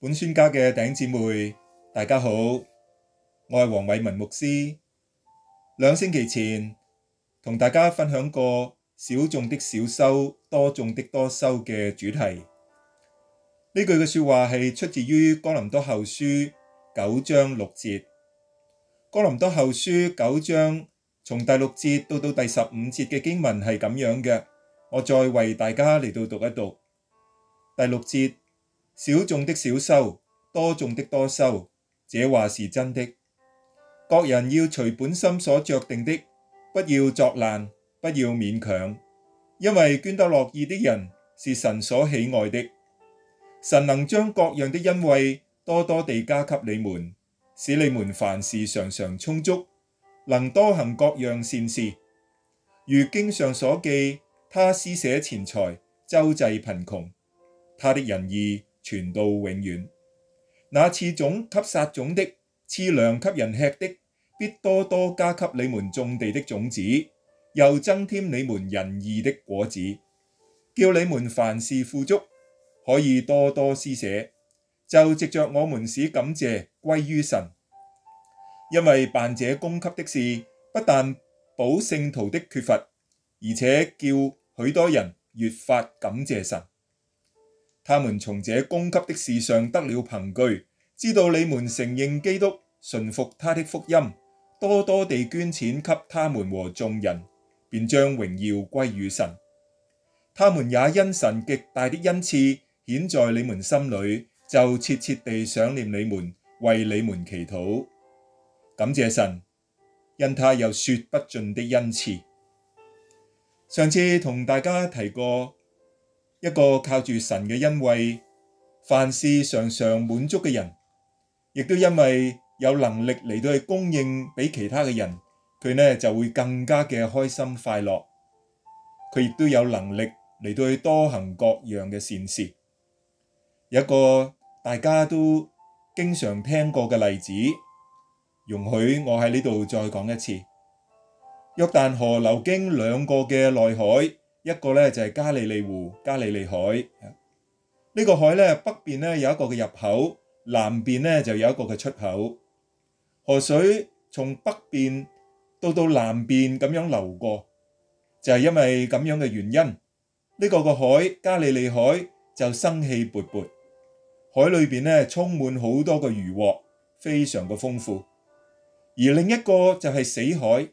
本宣家嘅頂姊妹，大家好，我係黃偉文牧師。兩星期前同大家分享過少種的少收，多種的多收嘅主題。呢句嘅說話係出自於哥《哥林多後書》九章六節。《哥林多後書》九章從第六節到到第十五節嘅經文係咁樣嘅，我再為大家嚟到讀一讀第六節。少種的少收，多種的多收，這話是真的。各人要隨本心所酌定的，不要作難，不要勉強，因為捐得樂意的人是神所喜愛的。神能將各樣的恩惠多多地加給你們，使你們凡事常常充足，能多行各樣善事。如經上所記，他施捨錢財，周濟貧窮，他的仁義，傳到永遠，那賜種給撒種的，賜糧給人吃的，必多多加給你們種地的種子，又增添你們仁義的果子，叫你們凡事富足，可以多多施捨。就藉着我們使感謝歸於神，因為辦這供給的事，不但補聖徒的缺乏，而且叫許多人越發感謝神。他們從這供給的事上得了憑據，知道你們承認基督、順服他的福音，多多地捐錢給他們和眾人，便將榮耀歸於神。他們也因神極大的恩賜顯在你們心裏，就切切地想念你們，為你們祈禱，感謝神，因他有說不盡的恩賜。上次同大家提過。一個靠住神嘅恩惠，凡事常常滿足嘅人，亦都因為有能力嚟到去供應俾其他嘅人，佢呢就會更加嘅開心快樂。佢亦都有能力嚟到去多行各樣嘅善事。一個大家都經常聽過嘅例子，容許我喺呢度再講一次。約旦河流經兩個嘅內海。一個咧就係加利利湖、加利利海。呢個海咧北邊咧有一個嘅入口，南邊咧就有一個嘅出口。河水從北邊到到南邊咁樣流過，就係因為咁樣嘅原因，呢個個海加利利海就生氣勃勃，海裏邊咧充滿好多嘅魚獲，非常嘅豐富。而另一個就係死海，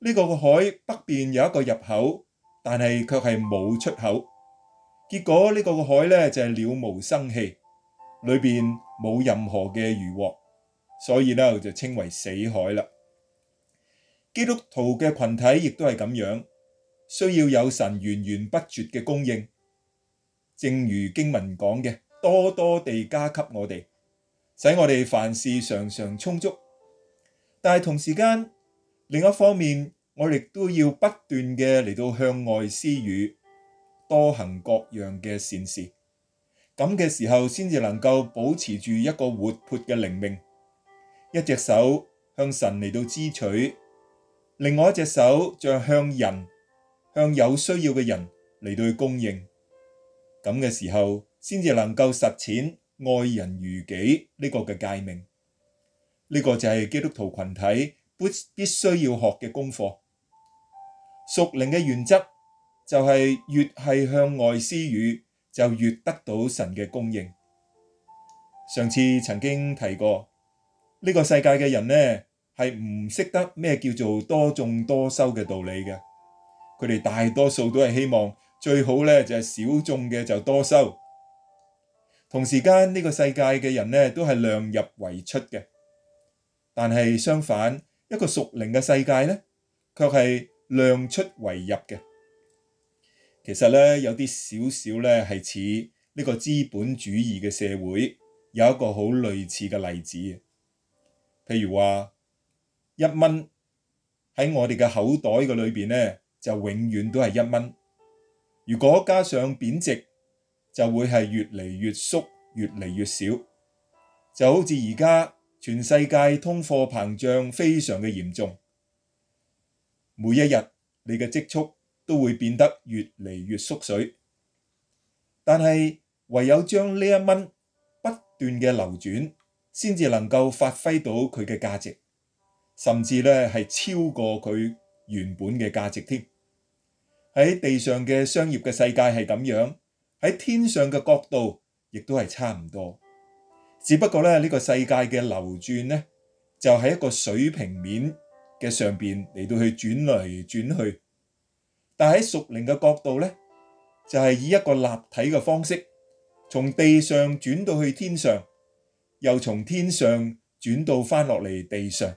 呢個個海北邊有一個入口。但係卻係冇出口，結果呢個海呢就係了無生氣，裏邊冇任何嘅魚獲，所以呢就稱為死海啦。基督徒嘅群體亦都係咁樣，需要有神源源不絕嘅供應，正如經文講嘅，多多地加給我哋，使我哋凡事常常充足。但係同時間，另一方面，我哋都要不斷嘅嚟到向外施予，多行各樣嘅善事，咁嘅時候先至能夠保持住一個活潑嘅靈命。一隻手向神嚟到支取，另外一隻手就向人、向有需要嘅人嚟到供應。咁嘅時候先至能夠實踐愛人如己呢個嘅誡命。呢、這個就係基督徒群體必必須要學嘅功課。屬靈嘅原則就係越係向外施予，就越得到神嘅供應。上次曾經提過，呢個世界嘅人咧係唔識得咩叫做多種多收嘅道理嘅，佢哋大多數都係希望最好咧就係少種嘅就多收。同時間呢個世界嘅人咧都係量入為出嘅，但係相反一個屬靈嘅世界咧卻係，量出為入嘅，其實咧有啲少少咧係似呢個資本主義嘅社會有一個好類似嘅例子，譬如話一蚊喺我哋嘅口袋嘅裏邊呢，就永遠都係一蚊，如果加上貶值就會係越嚟越縮，越嚟越少，就好似而家全世界通貨膨脹非常嘅嚴重。每一日你嘅積蓄都會變得越嚟越縮水，但係唯有將呢一蚊不斷嘅流轉，先至能夠發揮到佢嘅價值，甚至咧係超過佢原本嘅價值添。喺地上嘅商業嘅世界係咁樣，喺天上嘅角度亦都係差唔多，只不過咧呢個世界嘅流轉呢，就係一個水平面。嘅上邊嚟到去轉嚟轉去，但喺屬靈嘅角度呢，就係以一個立體嘅方式，從地上轉到去天上，又從天上轉到翻落嚟地上。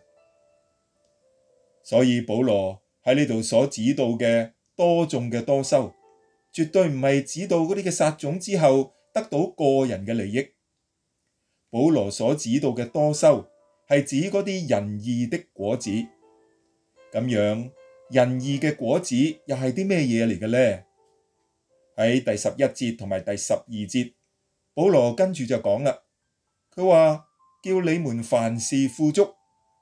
所以保羅喺呢度所指導嘅多種嘅多收，絕對唔係指導嗰啲嘅撒種之後得到個人嘅利益。保羅所指導嘅多收係指嗰啲仁義的果子。咁樣仁義嘅果子又係啲咩嘢嚟嘅呢？喺第十一節同埋第十二節，保羅跟住就講啦。佢話：叫你們凡事富足，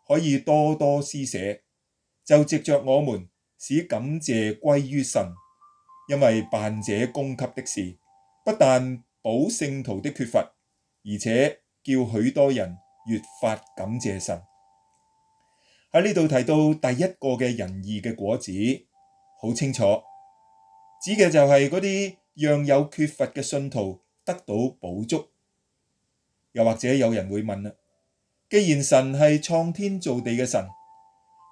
可以多多施捨，就藉着我們使感謝歸於神，因為辦這供給的事，不但補聖徒的缺乏，而且叫許多人越發感謝神。喺呢度提到第一個嘅仁義嘅果子，好清楚指嘅就係嗰啲讓有缺乏嘅信徒得到補足。又或者有人會問啦，既然神係創天造地嘅神，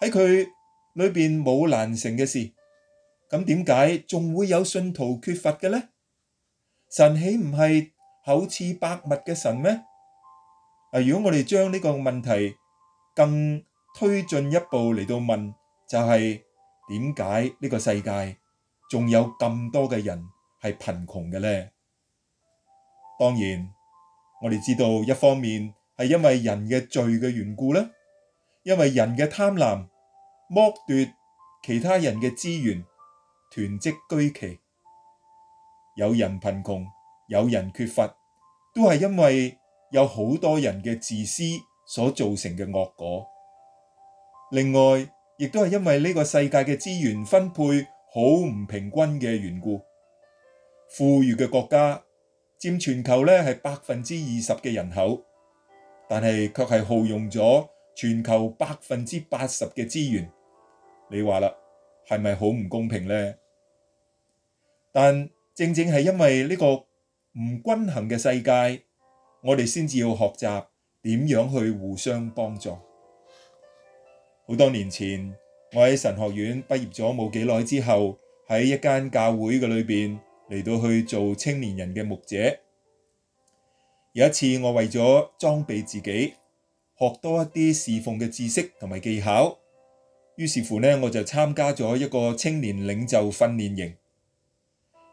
喺佢裏邊冇難成嘅事，咁點解仲會有信徒缺乏嘅呢？神豈唔係厚賜百物嘅神咩？啊，如果我哋將呢個問題更推進一步嚟到問，就係點解呢個世界仲有咁多嘅人係貧窮嘅呢？當然我哋知道，一方面係因為人嘅罪嘅緣故咧，因為人嘅貪婪剝奪其他人嘅資源，囤積居奇，有人貧窮，有人缺乏，都係因為有好多人嘅自私所造成嘅惡果。另外，亦都係因為呢個世界嘅資源分配好唔平均嘅緣故，富裕嘅國家佔全球咧係百分之二十嘅人口，但係卻係耗用咗全球百分之八十嘅資源。你話啦，係咪好唔公平呢？但正正係因為呢個唔均衡嘅世界，我哋先至要學習點樣去互相幫助。好多年前，我喺神學院畢業咗冇幾耐之後，喺一間教會嘅裏邊嚟到去做青年人嘅牧者。有一次，我為咗裝備自己，學多一啲侍奉嘅知識同埋技巧，於是乎呢，我就參加咗一個青年領袖訓練營。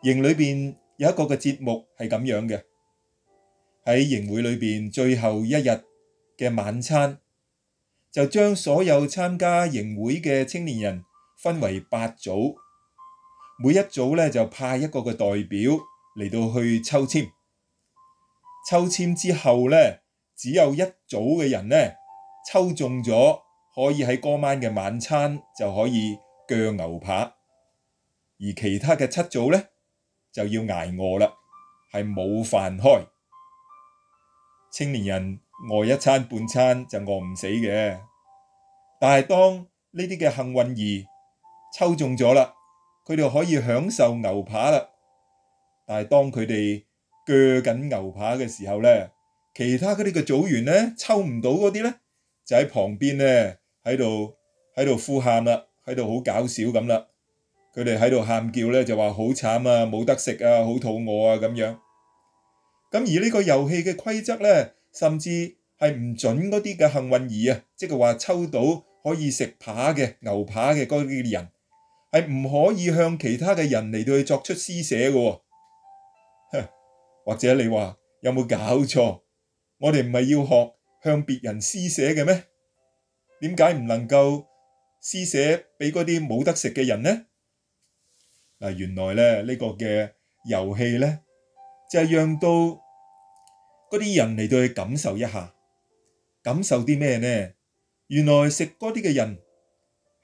營裏邊有一個嘅節目係咁樣嘅，喺營會裏邊最後一日嘅晚餐，就將所有參加營會嘅青年人分為八組，每一組呢，就派一個嘅代表嚟到去抽籤。抽籤之後呢，只有一組嘅人呢，抽中咗，可以喺嗰晚嘅晚餐就可以鋸牛扒，而其他嘅七組呢，就要挨餓啦，係冇飯開。青年人。餓一餐半餐就餓唔死嘅，但係當呢啲嘅幸運兒抽中咗啦，佢哋可以享受牛扒啦。但係當佢哋鋸緊牛扒嘅時候咧，其他嗰啲嘅組員咧抽唔到嗰啲咧，就喺旁邊咧喺度喺度呼喊啦，喺度好搞笑咁啦。佢哋喺度喊叫咧就話好慘啊，冇得食啊，好肚餓啊咁樣。咁而呢個遊戲嘅規則咧。甚至係唔準嗰啲嘅幸運兒啊，即係話抽到可以食扒嘅牛扒嘅嗰啲人，係唔可以向其他嘅人嚟到去作出施捨嘅喎。 或者你話有冇搞錯？我哋唔係要學向別人施捨嘅咩？點解唔能夠施捨俾嗰啲冇得食嘅人呢？嗱，原來咧呢個嘅遊戲呢，就係讓到。嗰啲人嚟到去感受一下，感受啲咩呢？原來食嗰啲嘅人，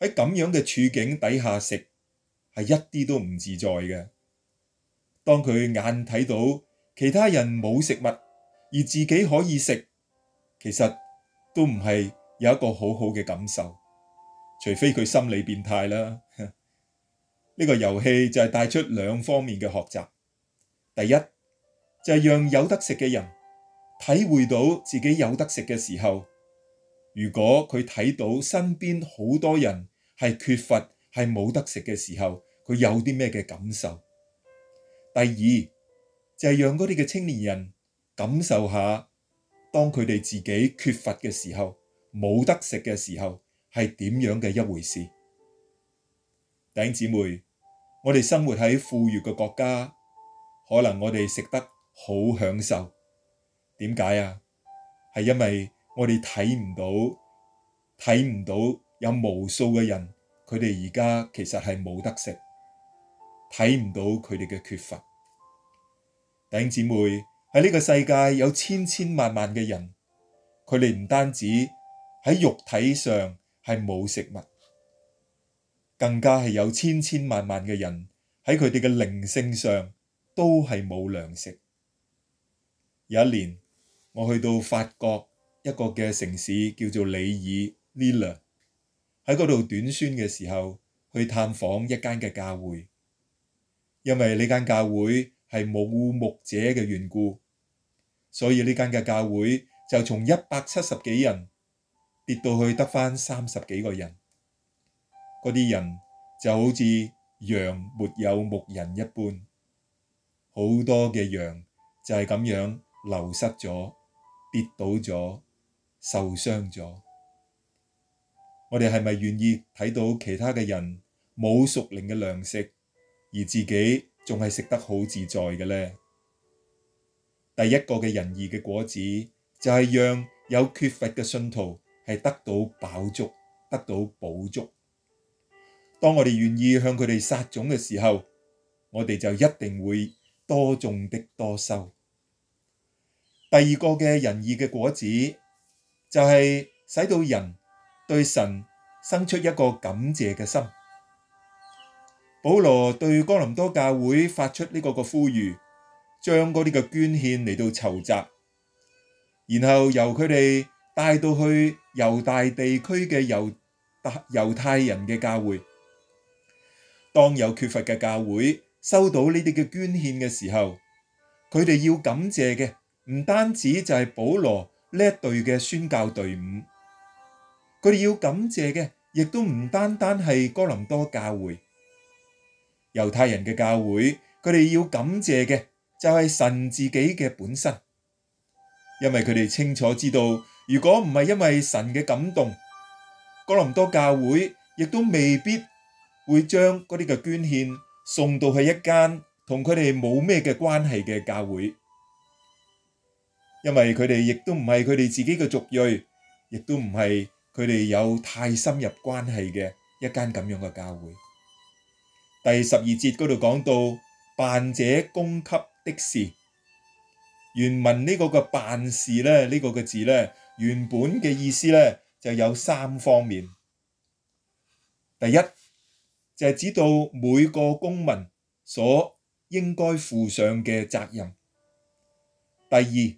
喺咁樣嘅處境底下食，係一啲都唔自在嘅。當佢眼睇到其他人冇食物，而自己可以食，其實都唔係有一個好好嘅感受，除非佢心理變態啦。呢個遊戲就係帶出兩方面嘅學習：第一，就係讓有得食嘅人。體會到自己有得食嘅時候，如果佢睇到身邊好多人係缺乏係冇得食嘅時候，佢有啲咩嘅感受？第二就係讓嗰啲嘅青年人感受下，當佢哋自己缺乏嘅時候，冇得食嘅時候係點樣嘅一回事。弟兄姊妹，我哋生活喺富裕嘅國家，可能我哋食得好享受。點解啊？係因為我哋睇唔到，睇唔到有無數嘅人，佢哋而家其實係冇得食，睇唔到佢哋嘅缺乏。弟兄姊妹，喺呢個世界有千千萬萬嘅人，佢哋唔單止喺肉體上係冇食物，更加係有千千萬萬嘅人喺佢哋嘅靈性上都係冇糧食。有一年。我去到法國一個嘅城市叫做里爾 Lille 喺嗰度短宣嘅時候去探訪一間嘅教會，因為呢間教會係冇牧者嘅緣故，所以呢間嘅教會就從一百七十幾人跌到去得返三十幾個人。嗰啲人就好似羊沒有牧人一般，好多嘅羊就係咁樣流失咗。跌倒咗、受傷咗，我哋係咪願意睇到其他嘅人冇屬靈嘅糧食，而自己仲係食得好自在嘅呢？第一個嘅仁義嘅果子就係讓有缺乏嘅信徒係得到飽足、得到補足。當我哋願意向佢哋撒種嘅時候，我哋就一定會多種的多收。第二個嘅仁義嘅果子就係使到人對神生出一個感謝嘅心。保羅對哥林多教會發出呢個嘅呼籲，將嗰啲嘅捐獻嚟到籌集，然後由佢哋帶到去猶大地區嘅猶猶太人嘅教會，當有缺乏嘅教會收到呢啲嘅捐獻嘅時候，佢哋要感謝嘅。唔單止就係保羅呢一隊嘅宣教隊伍，佢哋要感謝嘅，亦都唔單單係哥林多教會、猶太人嘅教會，佢哋要感謝嘅就係神自己嘅本身，因為佢哋清楚知道，如果唔係因為神嘅感動，哥林多教會亦都未必會將嗰啲嘅捐獻送到去一間同佢哋冇咩嘅關係嘅教會。因為佢哋亦都唔係佢哋自己嘅族裔，亦都唔係佢哋有太深入關係嘅一間咁樣嘅教會。第十二節嗰度講到辦者供給的事，原文呢個嘅辦事咧，呢個嘅字咧，原本嘅意思咧就有三方面。第一就係指到每個公民所應該負上嘅責任。第二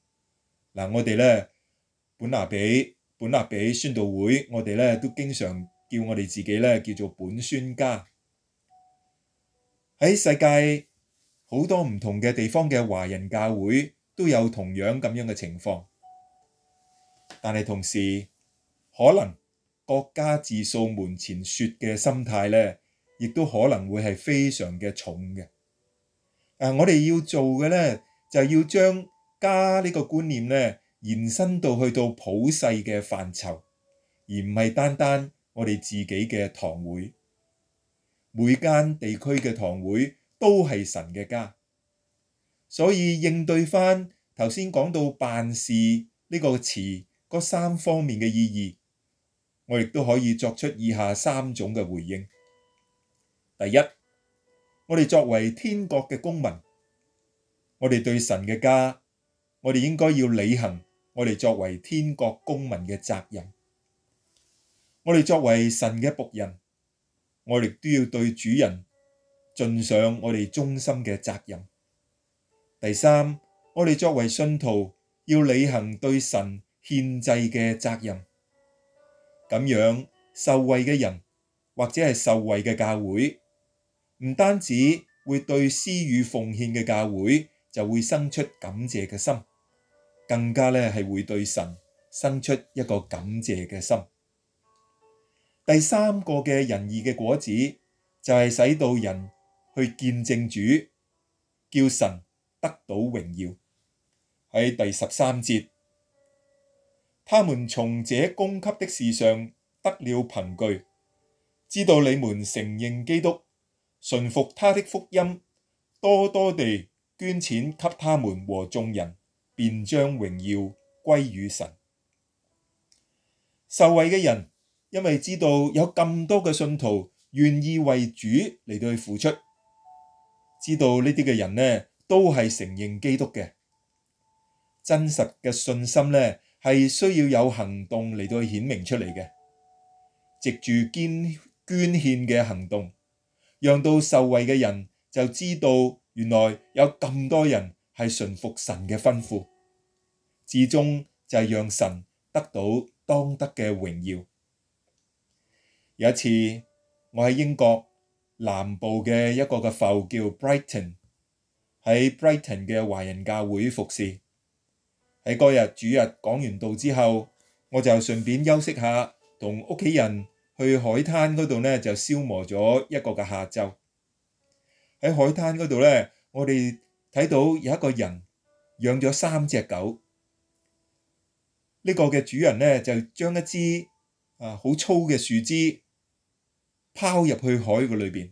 嗱、啊，我哋咧本拿比本拿比宣道會，我哋咧都經常叫我哋自己咧叫做本宣家。喺世界好多唔同嘅地方嘅華人教會都有同樣咁樣嘅情況，但係同時可能各家自掃門前雪嘅心態咧，亦都可能會係非常嘅重嘅。誒、啊，我哋要做嘅咧，就要將。家呢個觀念呢，延伸到去到普世嘅範疇，而唔係單單我哋自己嘅堂會。每間地區嘅堂會都係神嘅家，所以應對返頭先講到辦事呢個詞嗰三方面嘅意義，我亦都可以作出以下三種嘅回應。第一，我哋作為天國嘅公民，我哋對神嘅家。我哋應該要履行我哋作為天國公民嘅責任，我哋作為神嘅僕人，我哋都要對主人盡上我哋忠心嘅責任。第三，我哋作為信徒要履行對神獻祭嘅責任。咁樣受惠嘅人或者係受惠嘅教會，唔單止會對施予奉獻嘅教會就會生出感謝嘅心。更加咧係會對神生出一個感謝嘅心。第三個嘅仁義嘅果子就係使到人去見證主，叫神得到榮耀。喺第十三節，他們從這供給的事上得了憑據，知道你們承認基督，順服他的福音，多多地捐錢給他們和眾人，便將榮耀歸於神。受惠嘅人，因為知道有咁多嘅信徒願意為主嚟到去付出，知道呢啲嘅人呢，都係承認基督嘅真實嘅信心呢，係需要有行動嚟到去顯明出嚟嘅。藉住捐捐獻嘅行動，讓到受惠嘅人就知道原來有咁多人係順服神嘅吩咐。至終就係讓神得到當得嘅榮耀。有一次，我喺英國南部嘅一個嘅埠叫 Brighton，喺 Brighton 嘅華人教會服侍。喺嗰日主日講完道之後，我就順便休息下，同屋企人去海灘嗰度呢，就消磨咗一個嘅下晝。喺海灘嗰度呢，我哋睇到有一個人養咗三隻狗。呢個嘅主人咧，就將一支啊好粗嘅樹枝拋入去海嘅裏邊。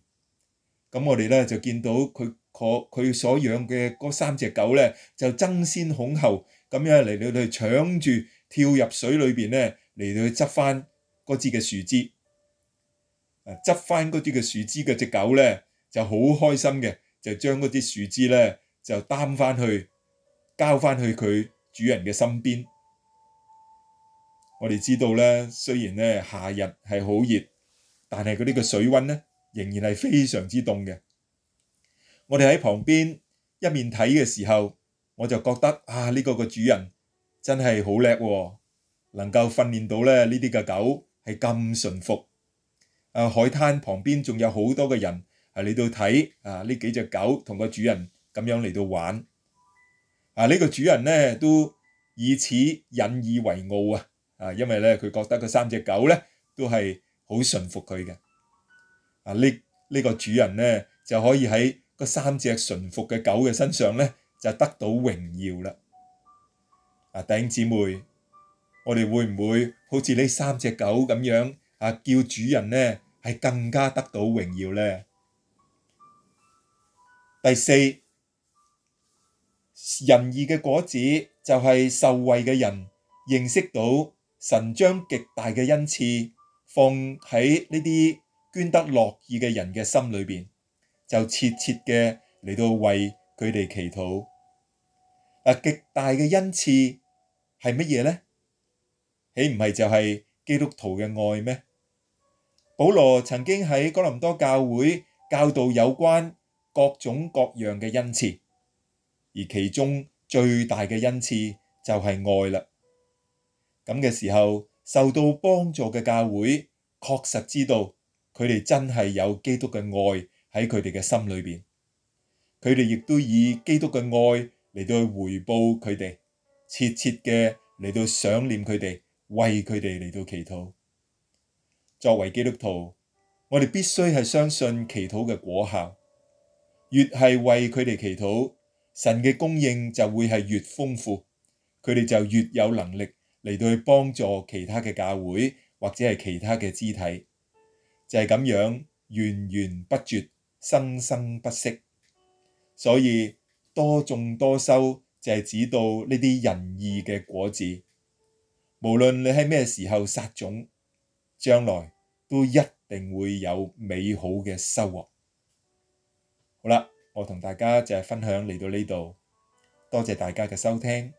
咁、嗯、我哋咧就見到佢佢所養嘅嗰三隻狗咧，就爭先恐後咁樣嚟到去搶住跳入水裏邊咧，嚟到去執翻嗰支嘅樹枝。啊，執翻嗰啲嘅樹枝嘅隻狗咧，就好開心嘅，就將嗰啲樹枝咧就擔翻去交翻去佢主人嘅身邊。我哋知道咧，雖然咧夏日係好熱，但係佢呢個水溫咧仍然係非常之凍嘅。我哋喺旁邊一面睇嘅時候，我就覺得啊，呢個個主人真係好叻喎，能夠訓練到咧呢啲嘅狗係咁順服。啊，海灘旁邊仲有好多嘅人係嚟到睇啊，呢幾隻狗同個主人咁樣嚟到玩。啊，呢個主人咧都以此引以為傲啊！啊，因為咧，佢覺得嗰三隻狗咧都係好順服佢嘅，啊，呢呢個主人咧就可以喺嗰三隻順服嘅狗嘅身上咧就得到榮耀啦。啊，弟兄姊妹，我哋會唔會好似呢三隻狗咁樣啊，叫主人咧係更加得到榮耀咧？第四，仁義嘅果子就係受惠嘅人認識到。神將極大嘅恩賜放喺呢啲捐得樂意嘅人嘅心裏邊，就切切嘅嚟到為佢哋祈禱。啊，極大嘅恩賜係乜嘢呢？豈唔係就係基督徒嘅愛咩？保羅曾經喺哥林多教會教導有關各種各樣嘅恩賜，而其中最大嘅恩賜就係愛啦。咁嘅時候受到幫助嘅教會，確實知道佢哋真係有基督嘅愛喺佢哋嘅心裏邊。佢哋亦都以基督嘅愛嚟到去回報佢哋，切切嘅嚟到想念佢哋，為佢哋嚟到祈禱。作為基督徒，我哋必須係相信祈禱嘅果效。越係為佢哋祈禱，神嘅供應就會係越豐富，佢哋就越有能力。嚟到去幫助其他嘅教會或者係其他嘅肢體，就係咁樣源源不絕、生生不息。所以多種多收就係指到呢啲仁義嘅果子。無論你喺咩時候撒種，將來都一定會有美好嘅收穫。好啦，我同大家就係分享嚟到呢度，多謝大家嘅收聽。